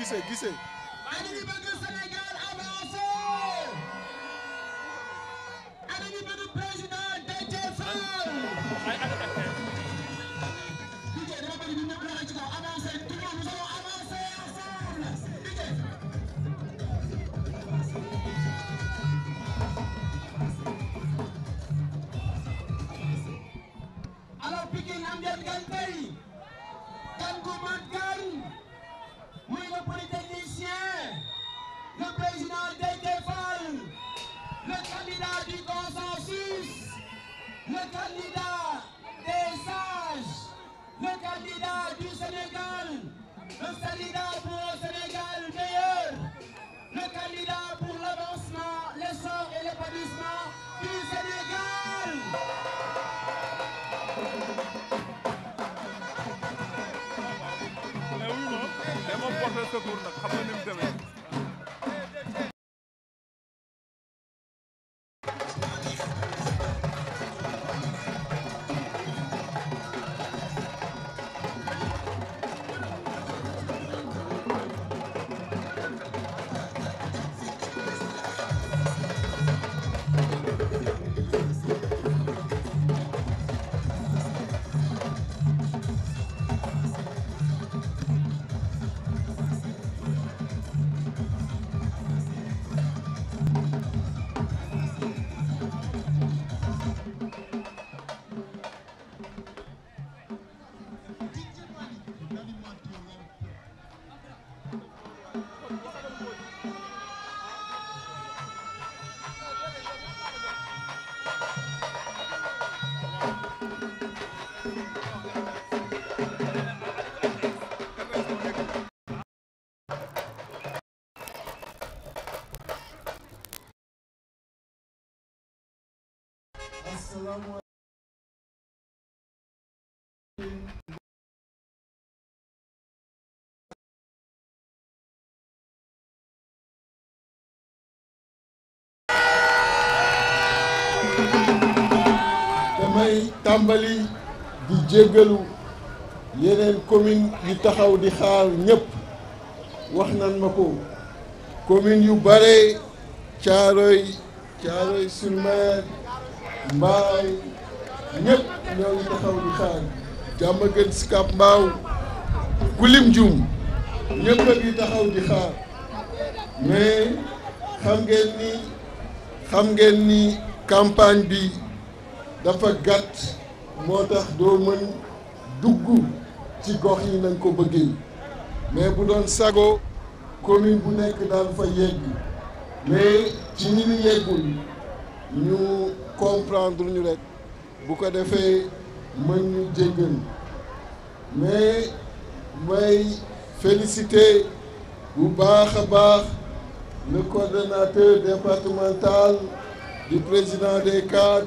gisee gisee. ana ñu bëgg Sénégal avancé. ana ñu bëgg président Déthié Fall. Le candidat des sages, le candidat du Sénégal, le candidat pour le Sénégal meilleur, le candidat pour l'avancement, l'essor et l'épanouissement du Sénégal. Hein. tàmbali di jéggalu yeneen commune yu taxaw di xaar ñépp wax nan ma ko commune yu bare Caaroy Caaroy sur Mbaay ñëpp ñoo taxaw di xaar Diamaguène Sicap Mbao Kulim Dioum ñëpp a ngi taxaw di xaar mais xam ngeen ni xam ngeen ni campagne bi D'après gat Mota tax Dugu, mën dugg ci gox yi mais bu doon sago commune bu nekk daan yegg mais ci ñi ñu yeggul ñu comprendre ñu rek bu ko mais féliciter bu baax le coordinateur départemental du président des cadres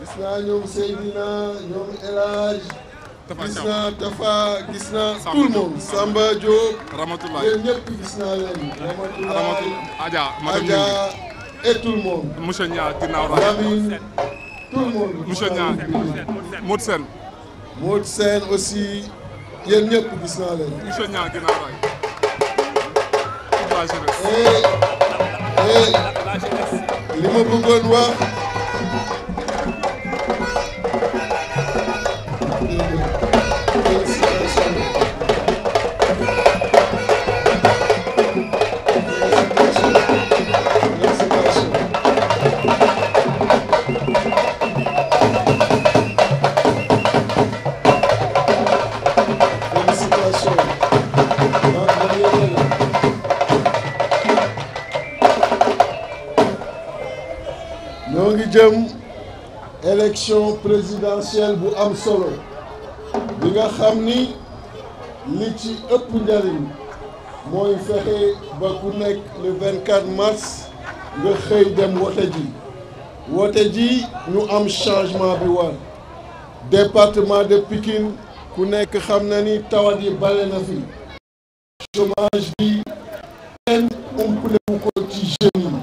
gis naa ñoom Seydina ñoom El Hadj gis naa Tafa Samba Diop Ramatoulaye yéen ñëpp gis leen Ramatoulaye Adja Adja et tout le monde monsieur Nia ginnaaw Lamine tout le monde monsieur Nia Modou Sène Modou Sène aussi leen monsieur Nia ginnaaw raay toute la eh, eh. li ma bëggoon wax ñoo ngi jëm élection présidentielle bu am solo bi nga xam ni li ci ëpp njariñ mooy fexe ba ku nekk le 24 mars nga xëy dem wote ji wote ji ñu am changement bi war département de Pikine ku nekk xam na ni tawat yi bale na fi chômage bi kenn umpale wu ko ci jeunes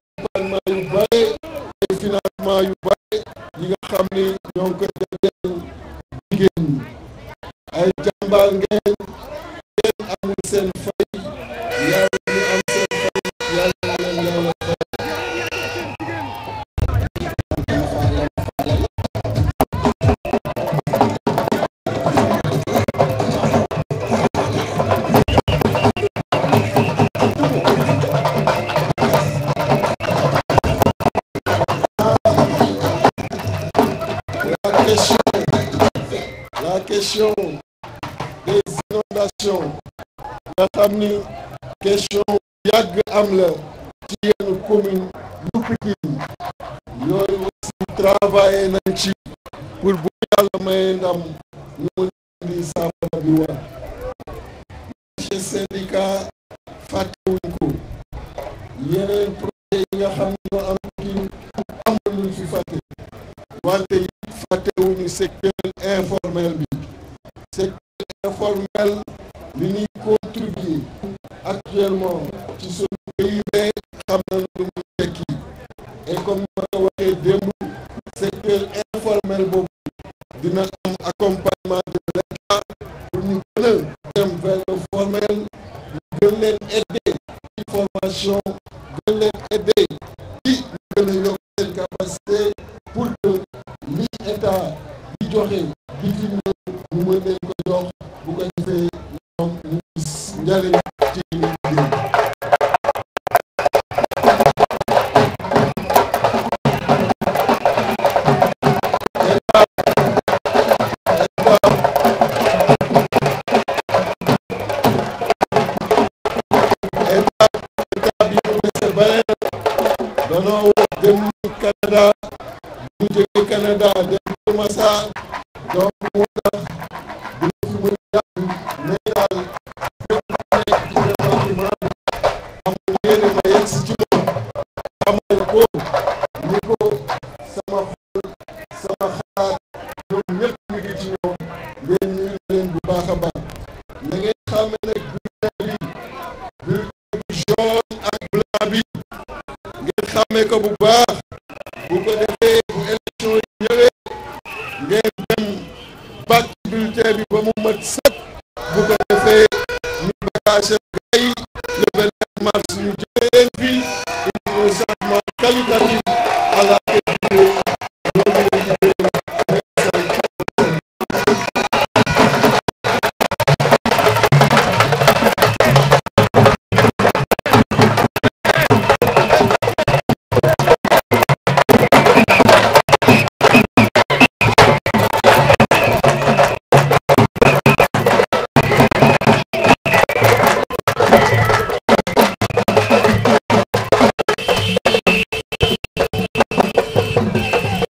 xam ni ñoo ngi koy def ngeen ay jàmbaar ngeen La nga question yàgg Amle, ci une commune yu travaillé pour bu mën war le syndicat fàttewuñ ko un projet nga xam am secteur informel secteur informel ci suñu pays xam na lu mu tekki et comme ma ko waxee démb secteur informel boobu dina am accompagnement de l'État pour ñu gën a dem vers le formel ñu gën leen Canada dem Kër Massar donc moo tax du fi mën a daal fépp nekk ci département bi am yéene ma yegg ci moom amal ko ni ko sama xol sama xalaat ñoom ñëpp ci ñoom ngeen ñuy leen bu baax a baax na ngeen xàmme bi bulletin bi ak blanc bi ngeen xàmmee ko bu baax como uma